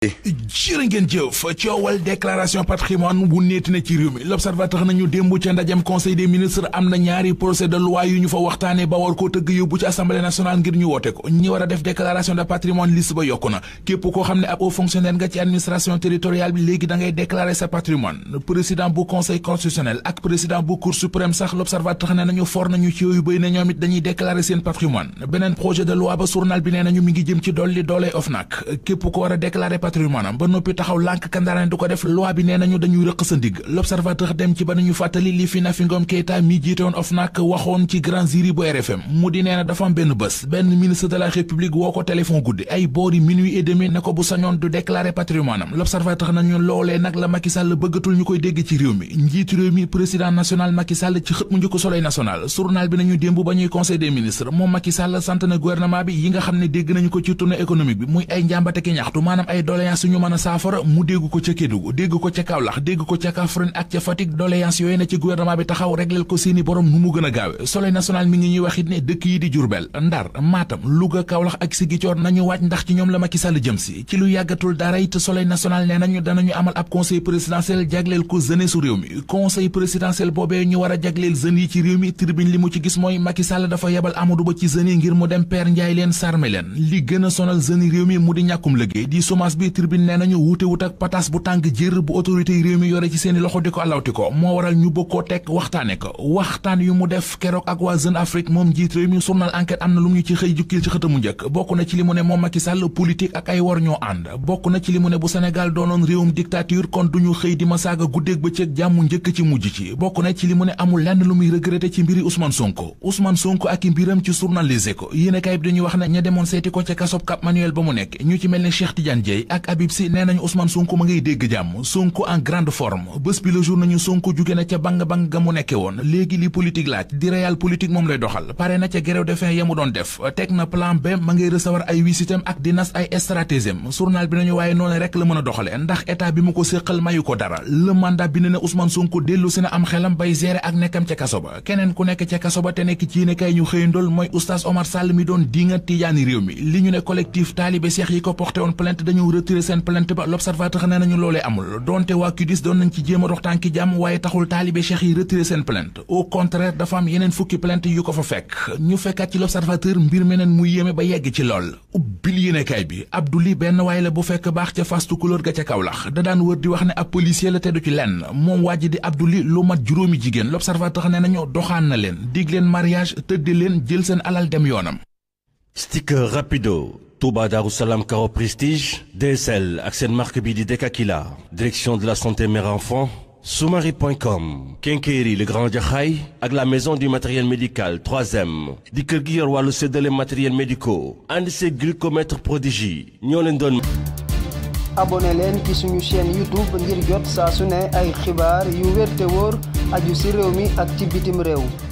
jërë ngeen jëf coowal déclaration patrimoine bu neeti na ci réew mi l'observateur nañu démb ca ndajam conseil des ministres am na ñaari procès de loi yu ñu fa waxtaane ba war tëgg yóbbu ci assemblée nationale ngir ñu woote ko ñi war def déclaration de patrimoine liste ba yokku na képp koo xam ne ab haut fonctionnaire nga ci administration territoriale bi léegi da ngay sa patrimoine président bu conseil constitutionnel ak président bu cour suprême patrimoine am ba noppi taxaw lànk kandaarane du ko def loi bi nee nañu dañuy rëq sa ndigg l'observateur dem ci ba nañu fàttali li fi na fi ngoom Keita mi jiitewoon waxoon ci grand jury bu RFM mu di nee na dafa am benn bés benn ministre de la république woo ko téléphone guddi ay boori minuit et ne ko bu sañoon du déclarer patrimoine am l'observateur la Macky bëggatul ñu koy dégg ci réew mi njiitu réew mi président national Macky Sall ci xët mu njëkk soleil national ba ñuy conseil des ministres moom Macky Sall sant ne dégg nañu ko ci tournée économique doléance ñu mën a saafara mu dégg ko ca Kédougou dégg ko ca Kaolack ak ca Fatick doléance yooyu na ci gouvernement bi taxaw réglel ko seeni borom nu mu gën gaawe soleil national mi ngi ñuy wax ne dëkk yi di Jurbel Ndar Matam Louga Kaolack ak Sigicoor nañu waaj ndax ci ñoom la Macky Sall jëm si ci lu yàggatul dara it soleil national nee nañu danañu amal ab conseil présidentiel jagleel ko jeunesse su réew mi conseil présidentiel boobee ñu war a jagleel yéene tribune nee nañu wuute wut ak patas bu tàng jër bu autorité réew mi yore ci seeni loxo di ko àllawti ko moo waral ñu bëgg koo teg waxtaane ko waxtaan yu mu def keroog ak waa Jeune Afrique moom njiit réew mi journal enquête am na lu mu ñu ci xëy jukkil ci xëtamu njëkk bokk na ci li mu ne moom Macky Sall politique ak ay war ñoo ànd bokk na ci li mu ne bu Sénégal doonoon réewum dictature kon duñu xëy di ma saaga guddeeg bëccëg jàmm njëkk ci mujj ci bokk na i mbiram ci journal Les Échos ko ca kasob Cap Manuel ba ak Habib nee nañu Ousmane Sonko ma ngay dégg jàmm Sonko en grande forme bés bi le jour nañu Sonko jóge ca bang-bang ga mu nekke woon léegi li politique laaj di réal politique moom lay doxal pare na ca grève de faim ya mu doon def teg na plan B ma ngay recevoir ay wisitam ak di nas ay stratégiem journal bi nañu waaye noonu rek la mën a doxale ndax état bi mu ko séqal mayu ko dara le mandat bi ne na Ousmane Sonko dellu si na am xelam bay gérer ak nekkam ca keneen ku nekk ca kaso ba te nekk ci yéene kay ñu xëyandool mooy oustaz Omar li ñu ne collectif taalibe seex yi ko porté woon plainte retirer seen plainte ba l'observateur nee nañu loolee amul donte waa CUDIS doon nañ ci jéem a tànki jàmm waaye taxul taalibe cheikh yi retirer seen plainte au contraire dafa am yeneen fukki plainte yu ko fa fekk ñu fekkaat ci l'observateur mbir meneen muy yéeme ba yegg ci lool ubbil yéenekaay bi Abdouli benn waay la bu fekk baax ca fastu couleur ga ca Kaolack da daan wër di wax ne ab policier la te du ci lenn moom wàjj di Abdouli lu mat juróomi jigéen l'observateur nee nañu doxaan na leen dig leen mariage tëdde leen jël seen alal dem yoonam sticker rapido Touba Darou Salam Caro Prestige DSL ak seen marque bi di Dekakila direction de la santé mère enfant Soumari.com Kenkeri le Grand Jaxaay ak la maison du matériel médical 3 di kër gi yor wàllu séddale matériel médicaux ànd see glucomètre prodigie ñoo leen doon abonné leen ci suñu chaîne youtube ngir jot saa ne ay xibaar yu wér te wóor aju ci réew mi ak ci réew